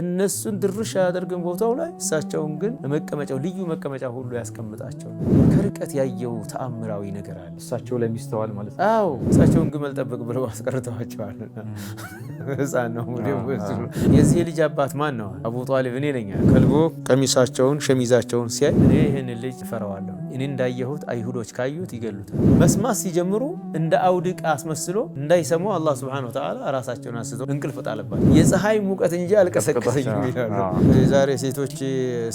እነሱን ድርሽ አያደርግም ቦታው ላይ እሳቸውን ግን መቀመጫው ልዩ መቀመጫ ሁሉ ያስቀምጣቸው። ከርቀት ያየው ተአምራዊ ነገር አለ እሳቸው ለሚስተዋል ማለት ነው። አዎ እሳቸውን ግመል ጠብቅ ብለው አስቀርተዋቸዋል። ሕፃን ነው የዚህ ልጅ አባት ማን ነው? አቡ ጣሊብ እኔ ነኝ። ከልቦ ቀሚሳቸውን ሸሚዛቸውን ሲያይ እኔ ይህን ልጅ እፈራዋለሁ። እኔ እንዳየሁት አይሁዶች ካዩት ይገሉታል። መስማት ሲጀምሩ እንደ አውድቅ አስመስሎ እንዳይሰሙ አላህ ስብሐነሁ ወተዓላ ራሳቸውን አስቶ እንቅልፍ ጣለባቸው። የፀሐይ ሙቀት እንጂ አልቀሰቀሰኝም ይላሉ። ዛሬ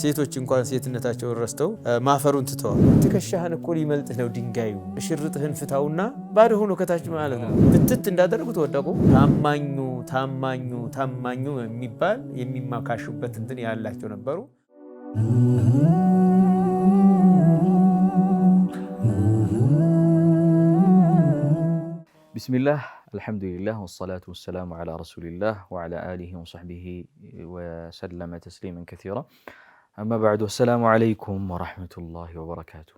ሴቶች እንኳን ሴትነታቸውን ረስተው ማፈሩን ትተዋል። ትከሻህን እኮ ሊመልጥህ ነው ድንጋዩ። እሽርጥህን ፍታውና ባዶ ሆኖ ከታች ማለት ነው ብትት እንዳደረጉ ተወደቁ። ታማኙ ታማኙ ታማኙ የሚባል የሚማካሹበት እንትን ያላቸው ነበሩ። بسم الله الحمد لله والصلاة والسلام على رسول الله وعلى آله وصحبه وسلم تسليما كثيرا أما بعد السلام عليكم ورحمة الله وبركاته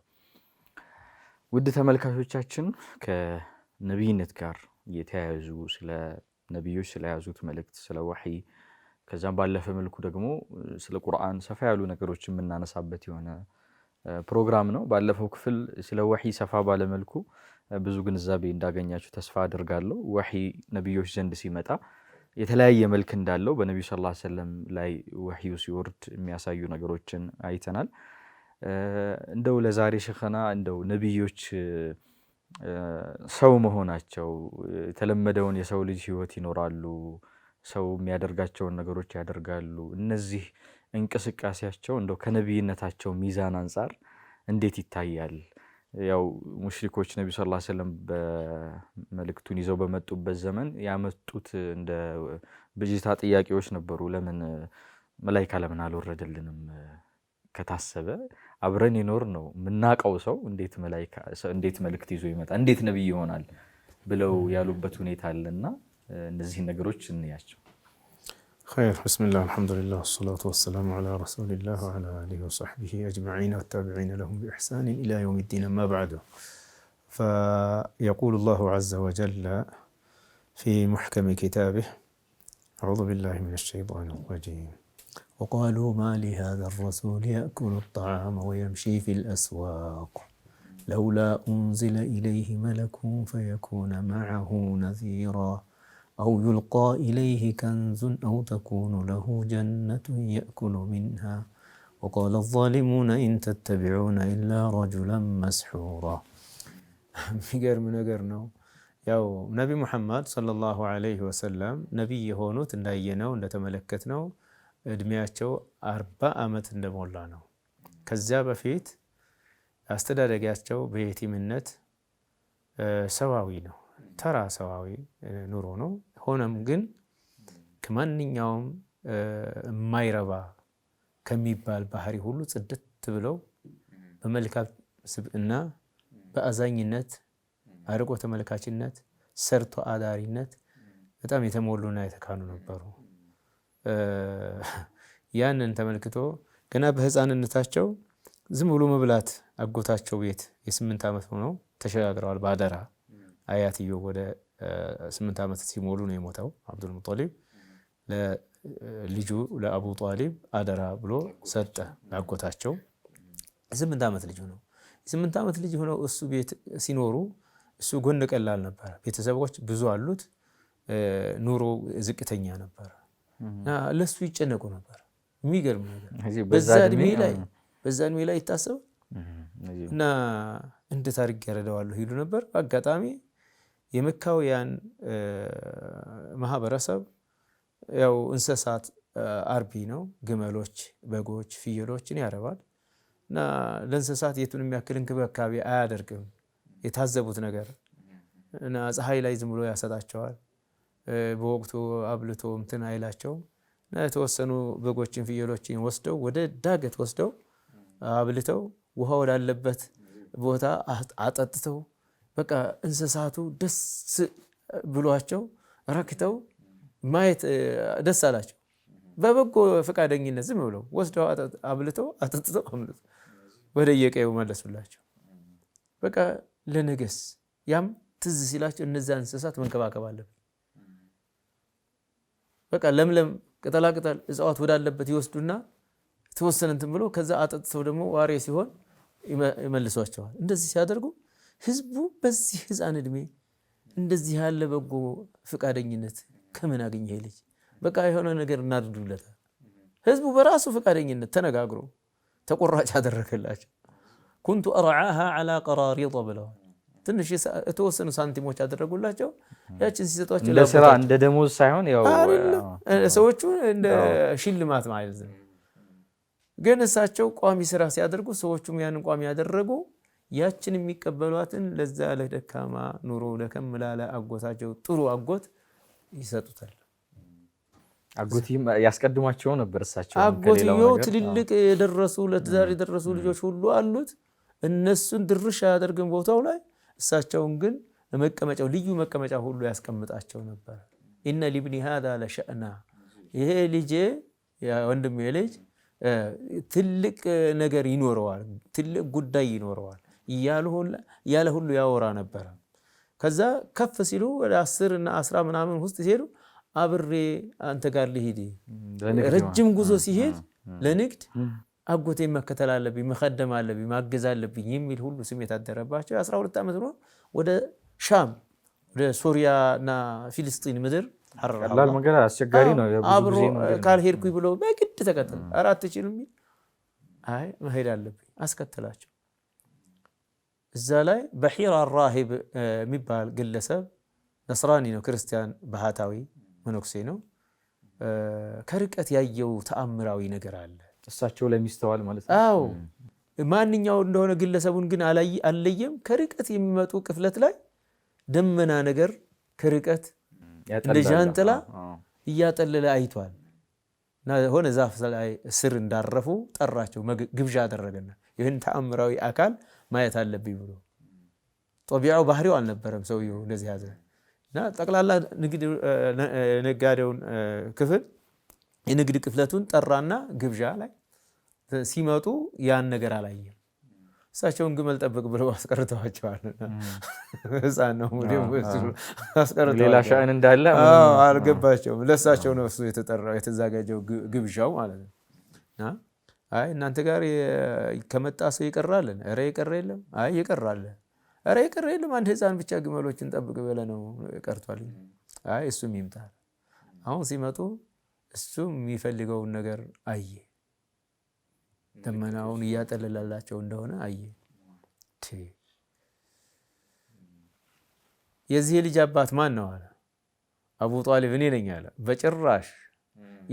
ودت ملكة تشاتشن كنبي نتكار يتعزو سلا نبي سلا عزوت ملكة سلا وحي كزان بالله في دقمو سلا قرآن سفعلو نكروش مننا نصابتي هنا برنامجنا بالله فوق سلا وحي سفع بالله ብዙ ግንዛቤ እንዳገኛችሁ ተስፋ አድርጋለሁ። ወሒ ነቢዮች ዘንድ ሲመጣ የተለያየ መልክ እንዳለው በነቢዩ ስ ሰለም ላይ ወሒው ሲወርድ የሚያሳዩ ነገሮችን አይተናል። እንደው ለዛሬ ሸኸና እንደው ነቢዮች ሰው መሆናቸው የተለመደውን የሰው ልጅ ህይወት ይኖራሉ፣ ሰው የሚያደርጋቸውን ነገሮች ያደርጋሉ። እነዚህ እንቅስቃሴያቸው እንደው ከነቢይነታቸው ሚዛን አንጻር እንዴት ይታያል? ያው ሙሽሪኮች ነቢዩ ስ ስለም በመልእክቱን ይዘው በመጡበት ዘመን ያመጡት እንደ ብዥታ ጥያቄዎች ነበሩ። ለምን መላይካ ለምን አልወረደልንም? ከታሰበ አብረን ይኖር ነው የምናቀው ሰው እንዴት መልእክት ይዞ ይመጣል? እንዴት ነቢይ ይሆናል? ብለው ያሉበት ሁኔታ አለና እነዚህን ነገሮች እንያቸው። خير بسم الله الحمد لله والصلاة والسلام على رسول الله وعلى آله وصحبه أجمعين والتابعين لهم بإحسان إلى يوم الدين ما بعد فيقول الله عز وجل في محكم كتابه أعوذ بالله من الشيطان الرجيم وقالوا ما لهذا الرسول يأكل الطعام ويمشي في الأسواق لولا أنزل إليه ملك فيكون معه نذيراً أو يلقى إليه كنز أو تكون له جنة يأكل منها وقال الظالمون إن تتبعون إلا رجلا مسحورا ميغر منغر نو ياو نبي محمد صلى الله عليه وسلم نبي يهونو تنداينو نتملكتنو ادمياتشو أربع آمت نمولانو كذاب فيت أستدارجاتشو بيتي منت سواوينو ترى سواوي نورونو ሆነም ግን ከማንኛውም የማይረባ ከሚባል ባህሪ ሁሉ ጽድት ብለው በመልካም ስብዕና በአዛኝነት አርቆ ተመልካችነት ሰርቶ አዳሪነት በጣም የተሞሉና የተካኑ ነበሩ። ያንን ተመልክቶ ገና በህፃንነታቸው ዝም ብሎ መብላት አጎታቸው ቤት የስምንት ዓመት ሆነው ተሸጋግረዋል። በአደራ አያትየው ወደ ስምንት ዓመት ሲሞሉ ነው የሞተው አብዱልሙጠሊብ ሙጠሊብ ለልጁ ለአቡ ጣሊብ አደራ ብሎ ሰጠ። ላጎታቸው የስምንት ዓመት ልጅ ነው። የስምንት ዓመት ልጅ ሆነው እሱ ቤት ሲኖሩ እሱ ጎን ቀላል ነበረ። ቤተሰቦች ብዙ አሉት፣ ኑሮ ዝቅተኛ ነበረ እና ለሱ ይጨነቁ ነበር። የሚገርም ነገር በዛ እድሜ ላይ በዛ እድሜ ላይ ይታሰብ እና እንዴት አድርጌ ያረዳዋለሁ ይሉ ነበር አጋጣሚ የመካውያን ማህበረሰብ ያው እንስሳት አርቢ ነው። ግመሎች፣ በጎች፣ ፍየሎችን ያረባል እና ለእንስሳት የቱን የሚያክል እንክብካቤ አያደርግም። የታዘቡት ነገር እና ፀሐይ ላይ ዝም ብሎ ያሰጣቸዋል። በወቅቱ አብልቶ እንትን አይላቸውም እና የተወሰኑ በጎችን ፍየሎችን ወስደው ወደ ዳገት ወስደው አብልተው ውሃ ወዳለበት ቦታ አጠጥተው በቃ እንስሳቱ ደስ ብሏቸው ረክተው ማየት ደስ አላቸው። በበጎ ፈቃደኝነት ዝም ብለው ወስደው አብልተው አጠጥተው አምልቶ ወደ የቀየው መለሱላቸው። በቃ ለነገስ ያም ትዝ ሲላቸው እነዚ እንስሳት መንከባከብ አለብን። በቃ ለምለም ቅጠላቅጠል እጽዋት ወዳለበት ይወስዱና ተወሰነ እንትን ብሎ ከዛ አጠጥተው ደግሞ ዋሬ ሲሆን ይመልሷቸዋል። እንደዚህ ሲያደርጉ ህዝቡ በዚህ ህፃን እድሜ እንደዚህ ያለ በጎ ፈቃደኝነት ከምን አገኘ? ልጅ በቃ የሆነ ነገር እናድርግለታል። ህዝቡ በራሱ ፈቃደኝነት ተነጋግሮ ተቆራጭ አደረገላቸው። ኩንቱ አርዓሃ ዐላ ቀራሪጦ ብለዋል። ትንሽ የተወሰኑ ሳንቲሞች አደረጉላቸው። ያችን ሲሰጧቸው ለስራ እንደ ደሞዝ ሳይሆን ሰዎቹ እንደ ሽልማት ማለት ነው። ግን እሳቸው ቋሚ ስራ ሲያደርጉ ሰዎቹም ያንን ቋሚ ያደረጉ ያችን የሚቀበሏትን ለዛ ለደካማ ኑሮ ደከም ላለ አጎታቸው ጥሩ አጎት ይሰጡታል። አጎትም ያስቀድሟቸው ነበር። እሳቸው አጎትየው ትልልቅ የደረሱ ለትዳር የደረሱ ልጆች ሁሉ አሉት። እነሱን ድርሽ አያደርግም ቦታው ላይ እሳቸውን ግን መቀመጫው ልዩ መቀመጫ ሁሉ ያስቀምጣቸው ነበር። ኢነ ሊብኒ ሃዛ ለሸእና ይሄ ልጄ ወንድሜ ልጅ ትልቅ ነገር ይኖረዋል፣ ትልቅ ጉዳይ ይኖረዋል። እያለ ሁሉ ያወራ ነበረ። ከዛ ከፍ ሲሉ ወደ አስር እና አስራ ምናምን ውስጥ ሲሄዱ አብሬ አንተ ጋር ሊሄድ ረጅም ጉዞ ሲሄድ ለንግድ አጎቴ መከተል አለብኝ፣ መከደም አለብኝ፣ ማገዝ አለብኝ የሚል ሁሉ ስሜት አደረባቸው። የአስራ ሁለት ዓመት ነው ወደ ሻም ወደ እና ፊልስጢን ምድር አስቸጋሪ ነው። አብሮ ካልሄድኩኝ ብሎ በግድ ተከተል አራት ችል አይ መሄድ አለብኝ አስከተላቸው። እዛ ላይ በሒራ ራሂብ የሚባል ግለሰብ ነስራኒ ነው፣ ክርስቲያን ባህታዊ መነኩሴ ነው። ከርቀት ያየው ተአምራዊ ነገር አለ። እሳቸው ላይ የሚስተዋል ማለት ነው። አዎ ማንኛው እንደሆነ ግለሰቡን ግን አለየም። ከርቀት የሚመጡ ቅፍለት ላይ ደመና ነገር ከርቀት እንደ እያጠለለ አይቷል። ሆነ ዛፍ ላይ ስር እንዳረፉ ጠራቸው፣ ግብዣ አደረገና ይህን ተአምራዊ አካል ማየት አለብኝ ብሎ ጦቢያው ባህሪው አልነበረም ሰውየው እንደዚህ ያዘ እና ጠቅላላ ነጋዴውን ክፍል የንግድ ክፍለቱን ጠራና ግብዣ ላይ ሲመጡ ያን ነገር አላየም። እሳቸውን ግመል ጠብቅ ብለው አስቀርተዋቸዋል። ህፃን ነው ሌላ ሻዕን እንዳለ አልገባቸውም። ለእሳቸው ነው እሱ የተጠራው የተዘጋጀው ግብዣው ማለት ነው። አይ እናንተ ጋር ከመጣ ሰው ይቀራለን። ኧረ የቀረ የለም። አይ ይቀራል። ኧረ የቀረ የለም። አንድ ህፃን ብቻ ግመሎችን ጠብቅ ብለ ነው ቀርቷል። አይ እሱም ይምጣል። አሁን ሲመጡ እሱም የሚፈልገውን ነገር አየ። ደመናውን እያጠለላላቸው እንደሆነ አየ። የዚህ ልጅ አባት ማን ነው አለ። አቡ ጣሊብ እኔ ነኝ አለ። በጭራሽ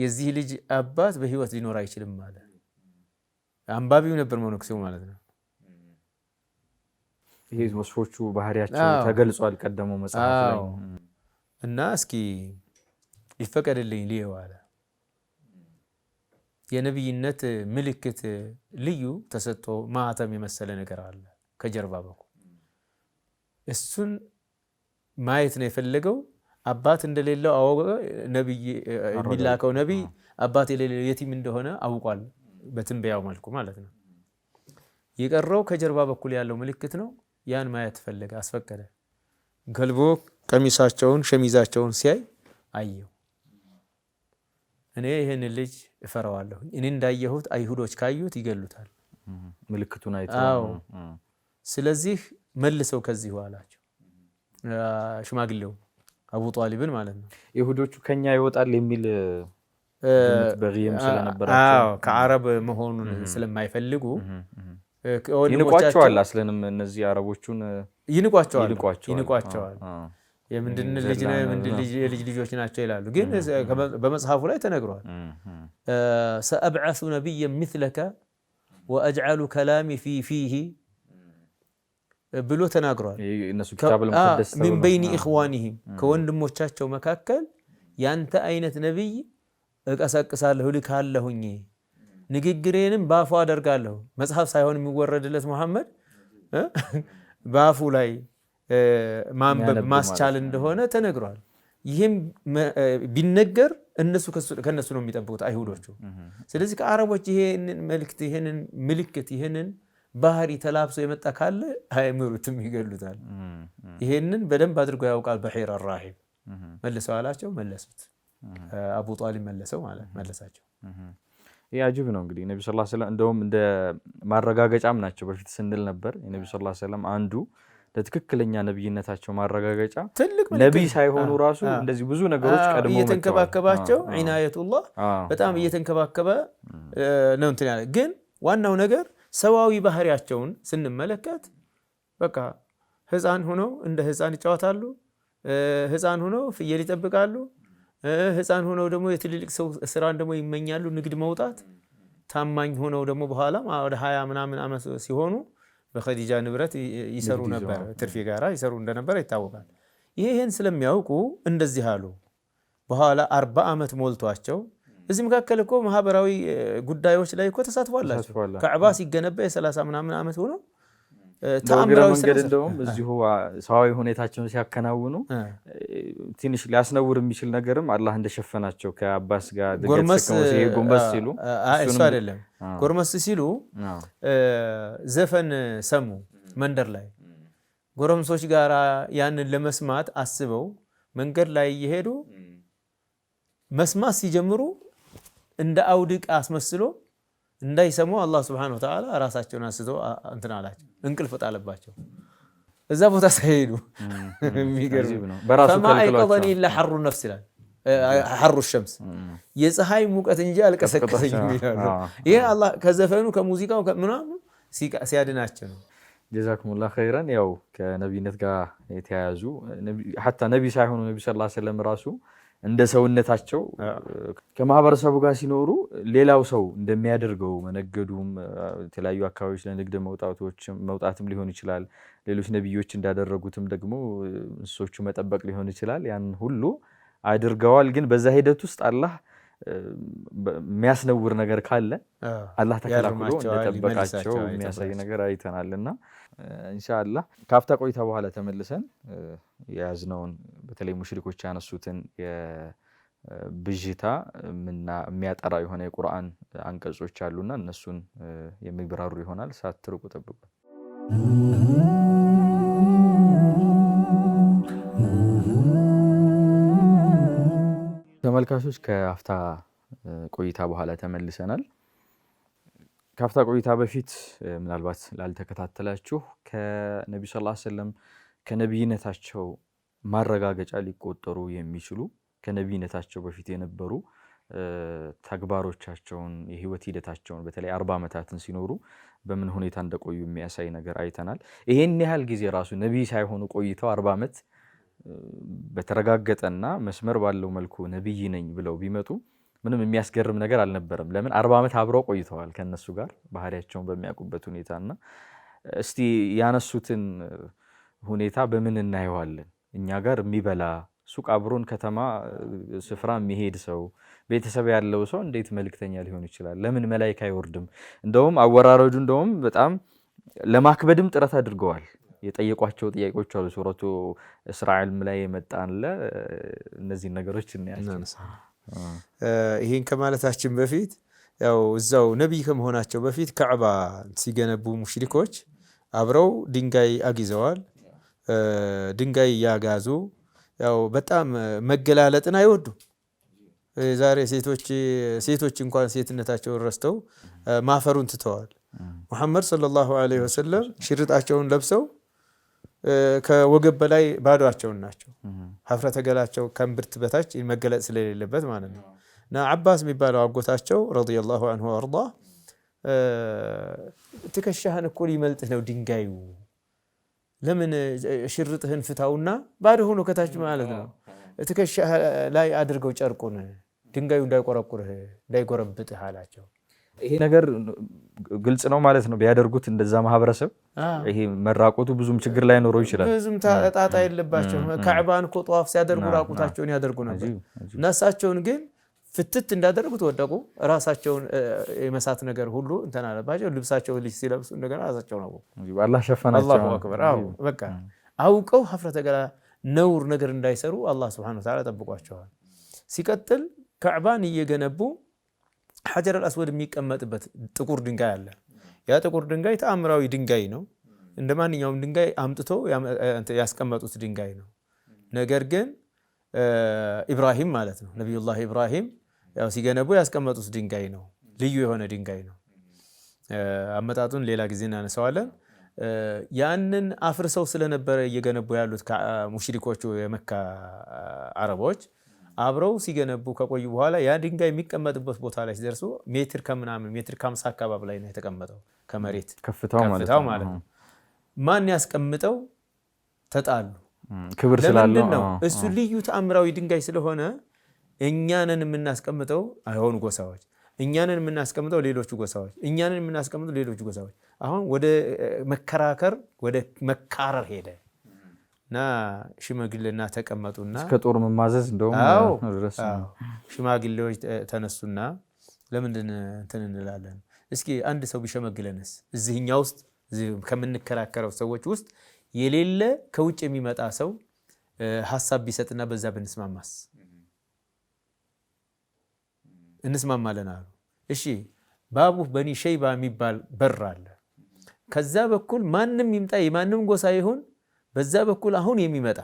የዚህ ልጅ አባት በህይወት ሊኖር አይችልም አለ። አንባቢው ነበር መነኩሴው ማለት ነው። ይሄ ወስፎቹ ባህሪያቸው ተገልጿል ቀደመው መጽሐፍ ላይ እና እስኪ ይፈቀድልኝ ልየው አለ የነቢይነት ምልክት ልዩ ተሰጥቶ ማህተም የመሰለ ነገር አለ ከጀርባ በኩል እሱን ማየት ነው የፈለገው። አባት እንደሌለው አወቀ። የሚላከው ነቢይ አባት የሌለው የቲም እንደሆነ አውቋል፣ በትንበያው መልኩ ማለት ነው። የቀረው ከጀርባ በኩል ያለው ምልክት ነው። ያን ማየት ፈለገ፣ አስፈቀደ። ገልቦ ቀሚሳቸውን ሸሚዛቸውን ሲያይ አየው። እኔ ይህን ልጅ እፈረዋለሁ። እኔ እንዳየሁት አይሁዶች ካዩት ይገሉታል፣ ምልክቱን አይተው። ስለዚህ መልሰው ከዚህ አላቸው ሽማግሌው አቡ ጣሊብን ማለት ነው። ይሁዶቹ ከኛ ይወጣል የሚል በም ስለነበራቸው ከአረብ መሆኑን ስለማይፈልጉ ይንቋቸዋል። አስለንም እነዚህ አረቦቹን ይንቋቸዋል ይንቋቸዋል። የምንድን ልጅ ነው የምንድን ልጅ ልጆች ናቸው ይላሉ። ግን በመጽሐፉ ላይ ተነግሯል። ሰአብዓሱ ነቢየን ሚስለከ ወአጅዓሉ ከላሚ ፊ ፊህ ብሎ ተናግሯል። ሚን በይኒ ኢኽዋኒሂም ከወንድሞቻቸው መካከል ያንተ አይነት ነቢይ እቀሰቅሳለሁ ልካለሁኝ፣ ንግግሬንም በአፉ አደርጋለሁ። መጽሐፍ ሳይሆን የሚወረድለት መሐመድ በአፉ ላይ ማንበብ ማስቻል እንደሆነ ተነግሯል። ይህም ቢነገር እነሱ ከነሱ ነው የሚጠብቁት አይሁዶቹ። ስለዚህ ከአረቦች ይሄንን መልክት ይሄንን ምልክት ይሄንን ባህሪ ተላብሶ የመጣ ካለ አይምሩትም፣ ይገሉታል። ይሄንን በደንብ አድርጎ ያውቃል። በሒር አራሒም መልሰው አላቸው፣ መለሱት። አቡ ጣሊብ መለሰው ማለት መለሳቸው። ይህ አጅብ ነው እንግዲህ ነቢ ስ ለም እንደውም እንደ ማረጋገጫም ናቸው። በፊት ስንል ነበር የነቢ ስ ለም አንዱ ለትክክለኛ ነብይነታቸው ማረጋገጫ ነቢይ ሳይሆኑ ራሱ እንደዚህ ብዙ ነገሮች ቀድሞ እየተንከባከባቸው ዒናየቱላህ በጣም እየተንከባከበ ነው እንትን ያለ ግን ዋናው ነገር ሰብአዊ ባህሪያቸውን ስንመለከት በቃ ህፃን ሆነው እንደ ህፃን ይጫወታሉ። ህፃን ሆነው ፍየል ይጠብቃሉ። ህፃን ሆነው ደግሞ የትልልቅ ሰው ስራን ደግሞ ይመኛሉ፣ ንግድ መውጣት። ታማኝ ሆነው ደግሞ በኋላ ወደ ሀያ ምናምን ዓመት ሲሆኑ በከዲጃ ንብረት ይሰሩ ነበር፣ ትርፊ ጋራ ይሰሩ እንደነበረ ይታወቃል። ይህን ስለሚያውቁ እንደዚህ አሉ። በኋላ አርባ ዓመት ሞልቷቸው እዚህ መካከል እኮ ማህበራዊ ጉዳዮች ላይ እኮ ተሳትፏላቸው። ከዕባ ሲገነባ የሰላሳ ምናምን ዓመት ሆኖ ተአምራዊ መንገድ እንደውም እዚሁ ሰዋዊ ሁኔታቸውን ሲያከናውኑ ትንሽ ሊያስነውር የሚችል ነገርም አላህ እንደሸፈናቸው ከአባስ ጋር ሲሉ እሱ አይደለም ጎርመስ ሲሉ ዘፈን ሰሙ መንደር ላይ ጎረምሶች ጋር ያንን ለመስማት አስበው መንገድ ላይ እየሄዱ መስማት ሲጀምሩ እንደ አውድቅ አስመስሎ እንዳይሰሙ አላህ ስብሐነሁ ወተዓላ ራሳቸውን አንስቶ እንትን አላቸው፣ እንቅልፍ ጣለባቸው እዛ ቦታ ሳይሄዱ። ፈማ አይቀዘኒ ኢላ ሐሩ ነፍስ ይላል ሐሩ ሸምስ የፀሐይ ሙቀት እንጂ አልቀሰቀሰኝ ይላሉ። ይሄ አላህ ከዘፈኑ ከሙዚቃው ምናምን ሲያድናቸው ነው። ጀዛኩሙላህ ኸይረን። ያው ከነቢይነት ጋር የተያያዙ ሐታ ነቢ ሳይሆኑ ነቢ ሰለላሁ ዐለይሂ ወሰለም ራሱ እንደ ሰውነታቸው ከማህበረሰቡ ጋር ሲኖሩ ሌላው ሰው እንደሚያደርገው መነገዱም፣ የተለያዩ አካባቢዎች ለንግድ መውጣትም ሊሆን ይችላል። ሌሎች ነቢዮች እንዳደረጉትም ደግሞ እንስሶቹ መጠበቅ ሊሆን ይችላል። ያን ሁሉ አድርገዋል። ግን በዛ ሂደት ውስጥ አላህ የሚያስነውር ነገር ካለ አላህ ተከላክሎ እንደጠበቃቸው የሚያሳይ ነገር አይተናል እና እንሻላ ካፍታ ቆይታ በኋላ ተመልሰን የያዝነውን በተለይ ሙሽሪኮች ያነሱትን የብዥታ የሚያጠራ የሆነ የቁርአን አንቀጾች አሉና እነሱን የሚብራሩ ይሆናል። ሳትርቁ ጠብቁ። ተመልካቾች ከአፍታ ቆይታ በኋላ ተመልሰናል። ካፍታ ቆይታ በፊት ምናልባት ላልተከታተላችሁ ከነቢዩ ሰለላሁ ሰለም ወሰለም ከነቢይነታቸው ማረጋገጫ ሊቆጠሩ የሚችሉ ከነቢይነታቸው በፊት የነበሩ ተግባሮቻቸውን የህይወት ሂደታቸውን በተለይ አርባ ዓመታትን ሲኖሩ በምን ሁኔታ እንደቆዩ የሚያሳይ ነገር አይተናል። ይሄን ያህል ጊዜ ራሱ ነቢይ ሳይሆኑ ቆይተው አርባ ዓመት በተረጋገጠና መስመር ባለው መልኩ ነቢይ ነኝ ብለው ቢመጡ ምንም የሚያስገርም ነገር አልነበረም። ለምን አርባ ዓመት አብረው ቆይተዋል ከነሱ ጋር ባህሪያቸውን በሚያውቁበት ሁኔታ እና እስቲ ያነሱትን ሁኔታ በምን እናየዋለን እኛ ጋር የሚበላ ሱቅ አብሮን ከተማ ስፍራ የሚሄድ ሰው ቤተሰብ ያለው ሰው እንዴት መልክተኛ ሊሆን ይችላል? ለምን መላይክ አይወርድም? እንደውም አወራረዱ እንደውም በጣም ለማክበድም ጥረት አድርገዋል። የጠየቋቸው ጥያቄዎች አሉ። ሱረቱ እስራኤልም ላይ የመጣ አለ። እነዚህን ነገሮች እናያቸው። ይህን ከማለታችን በፊት ያው እዛው ነቢይ ከመሆናቸው በፊት ከዕባ ሲገነቡ ሙሽሪኮች አብረው ድንጋይ አጊዘዋል። ድንጋይ እያጋዙ ያው በጣም መገላለጥን አይወዱም። ዛሬ ሴቶች እንኳን ሴትነታቸውን ረስተው ማፈሩን ትተዋል። ሙሐመድ ሰለላሁ ዐለይሂ ወሰለም ሽርጣቸውን ለብሰው ከወገብ በላይ ባዶቸውን ናቸው። ሀፍረተ ገላቸው ከእምብርት በታች መገለጽ ስለሌለበት ማለት ነው። እና አባስ የሚባለው አጎታቸው ረዲየላሁ አንሁ አርዳ ትከሻህን እኮ ሊመልጥህ ነው ድንጋዩ፣ ለምን ሽርጥህን ፍታውና ባዶ ሆኖ ከታች ማለት ነው። ትከሻህ ላይ አድርገው ጨርቁን ድንጋዩ እንዳይቆረቁርህ እንዳይጎረብጥህ አላቸው። ይሄ ነገር ግልጽ ነው ማለት ነው። ቢያደርጉት እንደዛ ማህበረሰብ ይሄ መራቆቱ ብዙም ችግር ላይ ኖረው ይችላል። ብዙም ጣጣ የለባቸው። ካዕባን እኮ ጠዋፍ ሲያደርጉ ራቁታቸውን ያደርጉ ነበር። ነሳቸውን ግን ፍትት እንዳደረጉት ወደቁ። ራሳቸውን የመሳት ነገር ሁሉ እንትን አለባቸው። ልብሳቸውን ልጅ ሲለብሱ እንደገና ራሳቸው ነው አላህ ሸፈናቸው። በቃ አውቀው ሀፍረተ ገላ ነውር ነገር እንዳይሰሩ አላህ ስብሐነሁ ወተዓላ ጠብቋቸዋል። ሲቀጥል ካዕባን እየገነቡ ሐጀር አልአስወድ የሚቀመጥበት ጥቁር ድንጋይ አለ። ያ ጥቁር ድንጋይ ተአምራዊ ድንጋይ ነው። እንደ ማንኛውም ድንጋይ አምጥቶ ያስቀመጡት ድንጋይ ነው። ነገር ግን ኢብራሂም ማለት ነው ነቢዩላህ ኢብራሂም ያው ሲገነቡ ያስቀመጡት ድንጋይ ነው። ልዩ የሆነ ድንጋይ ነው። አመጣጡን ሌላ ጊዜ እናነሳዋለን። ያንን አፍርሰው ስለነበረ እየገነቡ ያሉት ሙሽሪኮቹ የመካ አረቦች አብረው ሲገነቡ ከቆዩ በኋላ ያ ድንጋይ የሚቀመጥበት ቦታ ላይ ሲደርሱ ሜትር ከምናምን ሜትር ከአምሳ አካባቢ ላይ ነው የተቀመጠው ከመሬት ከፍታው ማለት ነው። ማን ያስቀምጠው? ተጣሉ። ክብር ስላለው ነው። እሱ ልዩ ተአምራዊ ድንጋይ ስለሆነ እኛንን የምናስቀምጠው አይሆኑ ጎሳዎች እኛንን የምናስቀምጠው ሌሎቹ ጎሳዎች እኛንን የምናስቀምጠው ሌሎቹ ጎሳዎች አሁን ወደ መከራከር ወደ መካረር ሄደ። እና ሽምግልና ተቀመጡና እስከ ጦር መማዘዝ እንደውም ሽማግሌዎች ተነሱና ለምንድን እንትን እንላለን? እስኪ አንድ ሰው ቢሸመግለንስ እዚህኛ ውስጥ ከምንከራከረው ሰዎች ውስጥ የሌለ ከውጭ የሚመጣ ሰው ሀሳብ ቢሰጥና በዛ ብንስማማስ እንስማማለን አሉ። እሺ ባቡ በኒ ሸይባ የሚባል በር አለ። ከዛ በኩል ማንም ይምጣ የማንም ጎሳ ይሁን በዛ በኩል አሁን የሚመጣ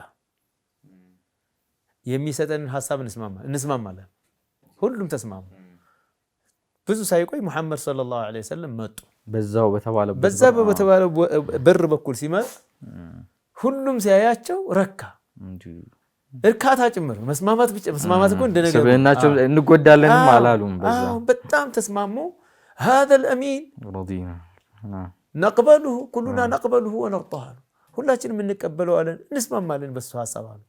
የሚሰጠንን ሀሳብ እንስማማለን። ሁሉም ተስማሙ። ብዙ ሳይቆይ ሙሐመድ ሰለላሁ ዐለይሂ ወሰለም መጡ። በዛው በተባለው በር በኩል ሲመጣ ሁሉም ሲያያቸው ረካ እርካታ ጭምር መስማማት ብቻ መስማማት እኮ እንደነገሩ ስብዕናቸው እንጎዳለንም አላሉም። በጣም ተስማሙ። ሀዘል አሚን ነቅበልሁ ኩሉና ነቅበልሁ ወነርጣሃሉ ሁላችንም እንቀበለዋለን፣ እንስማማለን በሱ ሀሳብ አሉ።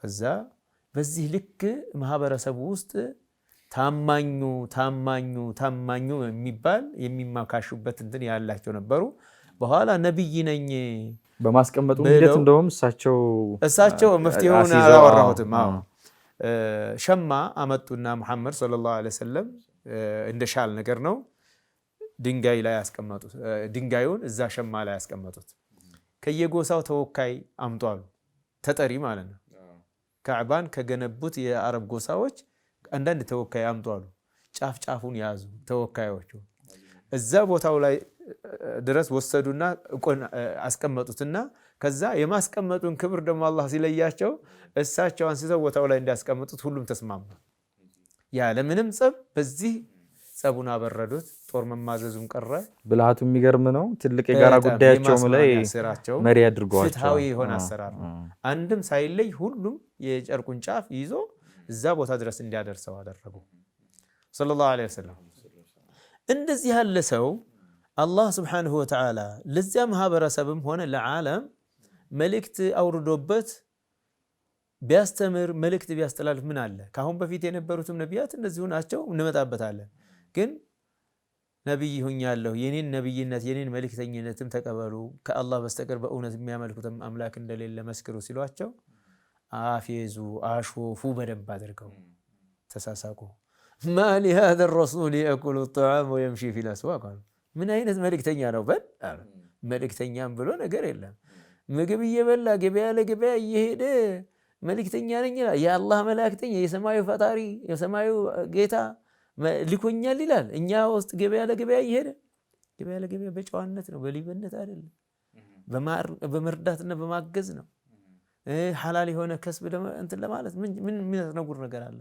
ከዛ በዚህ ልክ ማህበረሰቡ ውስጥ ታማኙ ታማኙ ታማኙ የሚባል የሚማካሹበት እንትን ያላቸው ነበሩ። በኋላ ነቢይ ነኝ በማስቀመጡ ሂደት እንደውም እሳቸው እሳቸው መፍትሄውን አላወራሁትም። ሸማ አመጡና ሙሐመድ ሰለላሁ ዐለይሂ ወሰለም እንደ ሻል ነገር ነው ድንጋይ ላይ ድንጋዩን እዛ ሸማ ላይ ያስቀመጡት። ከየጎሳው ተወካይ አምጧሉ ተጠሪ ማለት ነው። ካዕባን ከገነቡት የአረብ ጎሳዎች አንዳንድ ተወካይ አምጧሉ ጫፍ ጫፉን ያዙ ተወካዮቹ እዛ ቦታው ላይ ድረስ ወሰዱና አስቀመጡትና ከዛ የማስቀመጡን ክብር ደግሞ አላህ ሲለያቸው እሳቸው አንስተው ቦታው ላይ እንዲያስቀምጡት ሁሉም ተስማማ ያለምንም ጸብ በዚህ ጸቡን አበረዱት። ጦር መማዘዙም ቀረ። ብልሃቱ የሚገርም ነው። ትልቅ የጋራ ጉዳያቸውም ላይ መሪ አድርገዋል። ፍትሐዊ የሆነ አሰራር ነው። አንድም ሳይለይ ሁሉም የጨርቁን ጫፍ ይዞ እዛ ቦታ ድረስ እንዲያደርሰው አደረጉ ሰለላሁ ዐለይሂ ወሰለም። እንደዚህ ያለ ሰው አላህ ስብሓንሁ ወተዓላ ለዚያ ማህበረሰብም ሆነ ለዓለም መልእክት አውርዶበት ቢያስተምር መልእክት ቢያስተላልፍ ምን አለ? ከአሁን በፊት የነበሩትም ነቢያት እንደዚሁ ናቸው፣ እንመጣበታለን። ግን ነቢይ ሁኛለሁ የኔን ነቢይነት የኔን መልእክተኝነትም ተቀበሉ ከአላህ በስተቀር በእውነት የሚያመልኩትም አምላክ እንደሌለ መስክሩ ሲሏቸው አፌዙ አሾፉ በደንብ አድርገው ተሳሳቁ። ማ ሊሃዘ ረሱል የእኩሉ ጣዓም ወየምሺ ፊል አስዋቅ አሉ። ምን አይነት መልእክተኛ ነው በል አሉ። መልክተኛም ብሎ ነገር የለም። ምግብ እየበላ ገበያ ለገበያ እየሄደ መልእክተኛ ነኝ ይላል። የአላህ መላእክተኛ የሰማዩ ፈጣሪ የሰማዩ ጌታ ልኮኛል ይላል። እኛ ውስጥ ገበያ ለገበያ እየሄደ ገበያ ለገበያ በጨዋነት ነው፣ በሌብነት አይደለም። በመርዳትና በማገዝ ነው። ሐላል የሆነ ከስብ እንትን ለማለት ምን የሚያስነጉር ነገር አለ?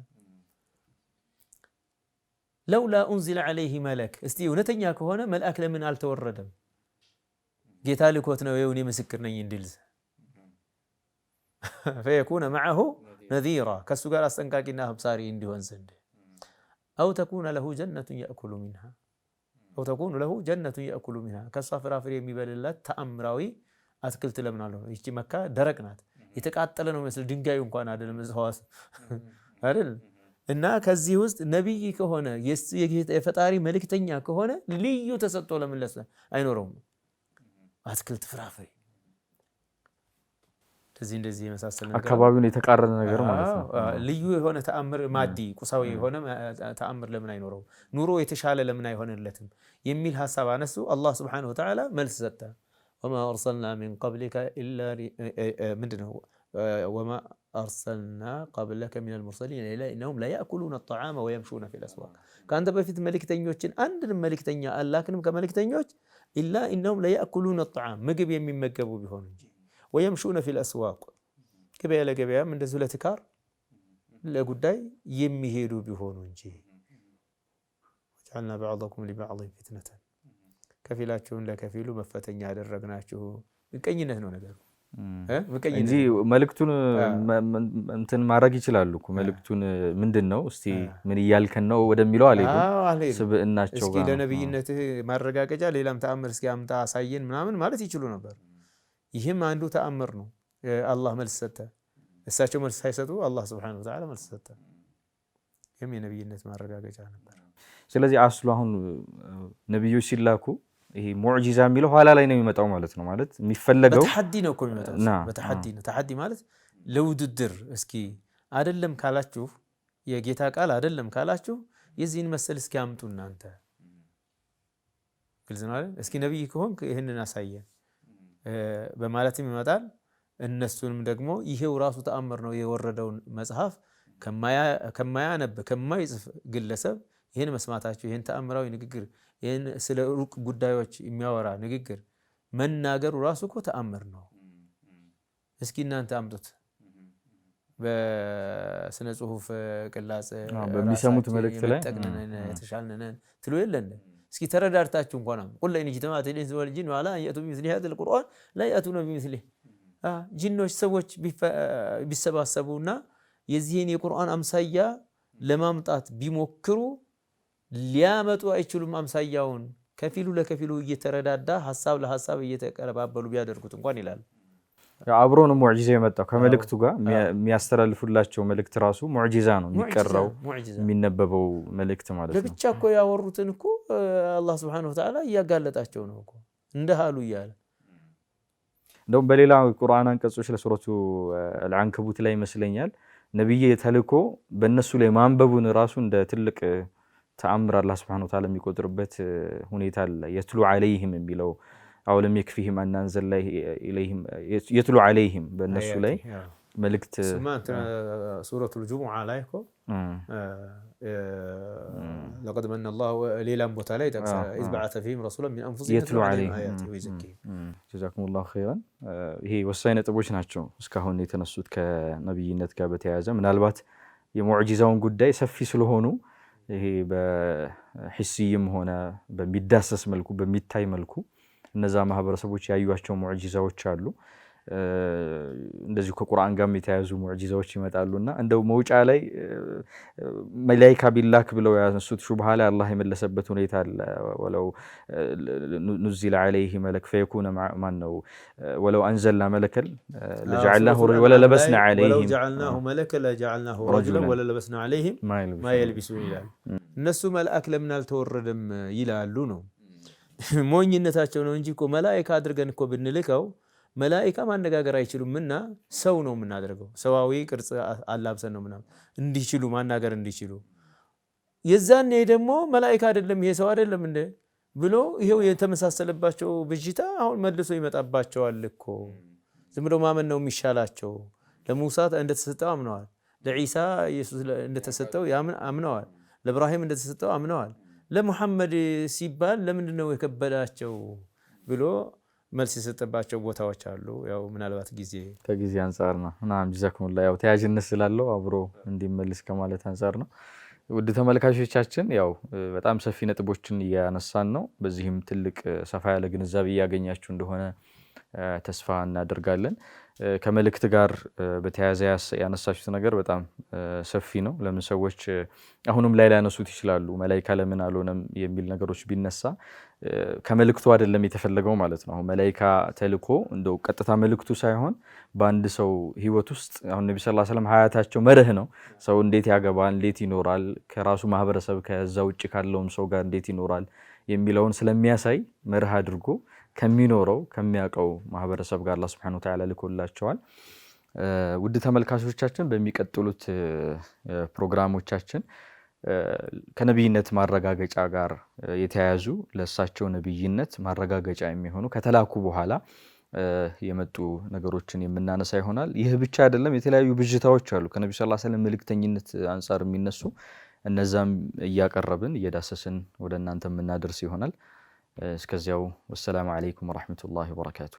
ለውላ ኡንዚለ ዐለይህ መለክ። እስቲ እውነተኛ ከሆነ መልአክ ለምን አልተወረደም? ጌታ ልኮት ነው የውኔ ምስክር ነኝ እንዲል ፈየኩነ መዐሁ ነዚራ ከእሱ ጋር አስጠንቃቂና አብሳሪ እንዲሆን ዘንድ አው ተኩነ ለሁ ጀነቱን የእኩሉ ሚንሃ አው ተኩኑ ለሁ ጀነቱን የእኩሉ ሚንሃ ከእሷ ፍራፍሬ የሚበልላት ተአምራዊ አትክልት ለምን አለ። ይቺ መካ ደረቅ ናት፣ የተቃጠለ ነው መስል ድንጋዩ እንኳን አይደለም እዛዋስ አይደል። እና ከዚህ ውስጥ ነቢይ ከሆነ የፈጣሪ መልእክተኛ ከሆነ ልዩ ተሰጥቶ ለምን ለስ አይኖረውም? አትክልት ፍራፍሬ እንደዚህ እንደዚህ የመሳሰል አካባቢውን የተቃረነ ነገር ማለት ነው። ልዩ የሆነ ተአምር ማዲ ቁሳዊ የሆነ ተአምር ለምን አይኖረው? ኑሮ የተሻለ ለምን አይሆንለትም? የሚል ሀሳብ አነሱ። አላህ ስብሓነሁ ወተዓላ መልስ ሰጠ። ወማ አርሰልና ሚን ቀብሊከ ኢላ ምንድነው? ወማ አርሰልና ቀብለከ ሚነል ሙርሰሊን ኢላ ኢነሁም ለያእኩሉነ ጠዓመ ወየምሹነ ፊል አስዋቅ። ከአንተ በፊት መልክተኞችን አንድንም መልክተኛ አላክንም ከመልክተኞች ኢላ ኢነሁም ለያእኩሉነ ጠዓም ምግብ የሚመገቡ ቢሆኑ እንጂ ويمشون في الأسواق كبا يلا كبا من دزولة كار لا قداي يمي هيدو بيهون ونجي وجعلنا بعضكم لبعض فتنة كفيلاتشون لا كفيلو مفتن يعد الرقناتشو مكينة هنو نقل مكينة هنو ملكتون انتن معراجي چلال لكو ملكتون من دنو استي من يال كنو ودن ملو عليكو آه عليكو سب اناتشو اسكي دو نبي انتي مرقا كجا ليلام تعمر اسكي عمتا عصايين منامن مالتي چلو نبر ይህም አንዱ ተአምር ነው። አላህ መልስ ሰጠ። እሳቸው መልስ ሳይሰጡ አላህ ስብሓነሁ ወተዓላ መልስ ሰጠ። ይህም የነብይነት ማረጋገጫ ነበር። ስለዚህ አስሉ አሁን ነቢዮች ሲላኩ ይሄ ሙዕጂዛ የሚለው ኋላ ላይ ነው የሚመጣው ማለት ነው። ማለት የሚፈለገው ተሐዲ ነው እኮ የሚመጣው በተሐዲ ነው። ተሐዲ ማለት ለውድድር እስኪ አይደለም ካላችሁ የጌታ ቃል አይደለም ካላችሁ የዚህን መሰል እስኪ አምጡ እናንተ ግልጽ ነው አይደል? እስኪ ነቢይ ከሆንክ ይህንን አሳየን በማለትም ይመጣል። እነሱንም ደግሞ ይሄው ራሱ ተአምር ነው የወረደውን መጽሐፍ ከማያነብ ከማይጽፍ ግለሰብ ይህን መስማታቸው ይህን ተአምራዊ ንግግር ይህን ስለ ሩቅ ጉዳዮች የሚያወራ ንግግር መናገሩ ራሱ እኮ ተአምር ነው። እስኪ እናንተ አምጡት በስነ ጽሁፍ ቅላጽ በሚሰሙት መልእክት ላይ የተሻልነን የለን እስኪ ተረዳድታችሁ እንኳን ቁል ለኢን ኢጅተመዐት ኢንሱ ወል ጂኑ አን የእቱ ቢሚስሊ ሀዘል ቁርአን ላየእቱነ ቢሚስሊህ ጂኖች ሰዎች ቢሰባሰቡና የዚህን የቁርአን አምሳያ ለማምጣት ቢሞክሩ ሊያመጡ አይችሉም። አምሳያውን ከፊሉ ለከፊሉ እየተረዳዳ ሀሳብ ለሀሳብ እየተቀረባበሉ ቢያደርጉት እንኳን ይላል። አብሮ ነው ሙዕጂዛ የመጣው ከመልእክቱ ጋር የሚያስተላልፉላቸው መልእክት ራሱ ሙዕጂዛ ነው፣ የሚቀራው የሚነበበው መልእክት ማለት ነው። ለብቻ እኮ ያወሩትን እኮ አላህ ሱብሓነሁ ወተዓላ እያጋለጣቸው ነው እኮ እንደ ሀሉ እያለ እንደውም በሌላ ቁርአን አንቀጾች ለሱረቱ አልዓንከቡት ላይ ይመስለኛል ነቢይ ተልኮ በእነሱ ላይ ማንበቡን ራሱ እንደ ትልቅ ተአምር አላህ ሱብሓነሁ ወተዓላ የሚቆጥርበት ሁኔታ አለ። የትሉ ዓለይህም የሚለው أو لم يكفيهم أن أنزل إليهم يتلو عليهم بالنسبة لي ملكت سمعت آه. سورة الجمعة عليكم آه. آه، لقد من الله ليلا بوتاليت إذ بعث فيهم رسولا من أنفسهم يتلو عليهم آياته جزاكم الله خيرا هي ይሄ ወሳኝ ነጥቦች ናቸው يتنسوت የተነሱት ከነቢይነት ጋር من ምናልባት የሙዕጂዛውን ጉዳይ ሰፊ ስለሆኑ ይሄ በሂስይም ሆነ በሚዳሰስ መልኩ በሚታይ መልኩ እነዛ ማህበረሰቦች ያዩቸው ሙዕጂዛዎች አሉ። እንደዚሁ ከቁርአን ጋርም የተያያዙ ሙዕጂዛዎች ይመጣሉ እና እንደው መውጫ ላይ መላይካ ቢላክ ብለው ያነሱት ሹብሃ ላይ አላህ የመለሰበት ሁኔታ አለ። ወለው ኑዚለ ዐለይሂ መለክ ፈየኩነ ማን ነው ወለው አንዘልና መለከል ለጀዐልናሁ ረጁለን ወለለበስና ዐለይሂም ጀዐልናሁ ማ የልቢሱን ይላል። እነሱ መልአክ ለምን አልተወረደም ይላሉ ነው ሞኝነታቸው ነው እንጂ እኮ መላኢካ አድርገን እኮ ብንልከው መላኢካ ማነጋገር አይችሉም እና ሰው ነው የምናደርገው። ሰዋዊ ቅርጽ አላብሰን ነው ምናምን እንዲችሉ ማናገር እንዲችሉ የዛኔ ደግሞ መላኢካ አይደለም ይሄ ሰው አይደለም እንደ ብሎ ይሄው የተመሳሰለባቸው ብዥታ አሁን መልሶ ይመጣባቸዋል እኮ። ዝም ብሎ ማመን ነው የሚሻላቸው። ለሙሳ እንደተሰጠው አምነዋል። ለዒሳ ኢየሱስ እንደተሰጠው አምነዋል። ለእብራሂም እንደተሰጠው አምነዋል። ለሙሐመድ ሲባል ለምንድን ነው የከበዳቸው ብሎ መልስ የሰጠባቸው ቦታዎች አሉ። ያው ምናልባት ጊዜ ከጊዜ አንጻር ነው ምናምን ጀዛኩሙላ ያው ተያዥነት ስላለው አብሮ እንዲመልስ ከማለት አንጻር ነው። ውድ ተመልካቾቻችን ያው በጣም ሰፊ ነጥቦችን እያነሳን ነው። በዚህም ትልቅ ሰፋ ያለ ግንዛቤ እያገኛችሁ እንደሆነ ተስፋ እናደርጋለን። ከመልእክት ጋር በተያያዘ ያነሳችሁት ነገር በጣም ሰፊ ነው። ለምን ሰዎች አሁንም ላይ ሊያነሱት ይችላሉ። መላይካ ለምን አልሆነም የሚል ነገሮች ቢነሳ ከመልእክቱ አይደለም የተፈለገው ማለት ነው። አሁን መላይካ ተልኮ እንደው ቀጥታ መልእክቱ ሳይሆን በአንድ ሰው ህይወት ውስጥ አሁን ነቢ ስላ ስለም ሀያታቸው መርህ ነው። ሰው እንዴት ያገባል፣ እንዴት ይኖራል፣ ከራሱ ማህበረሰብ ከዛ ውጭ ካለውም ሰው ጋር እንዴት ይኖራል የሚለውን ስለሚያሳይ መርህ አድርጎ ከሚኖረው ከሚያውቀው ማህበረሰብ ጋር አላህ ሱብሓነሁ ወተዓላ ልኮላቸዋል። ውድ ተመልካቾቻችን በሚቀጥሉት ፕሮግራሞቻችን ከነቢይነት ማረጋገጫ ጋር የተያያዙ ለእሳቸው ነቢይነት ማረጋገጫ የሚሆኑ ከተላኩ በኋላ የመጡ ነገሮችን የምናነሳ ይሆናል። ይህ ብቻ አይደለም፣ የተለያዩ ብዥታዎች አሉ ከነቢ ስ ስለም ምልክተኝነት አንጻር የሚነሱ እነዛም እያቀረብን እየዳሰስን ወደ እናንተ የምናደርስ ይሆናል። سكزيو والسلام عليكم ورحمة الله وبركاته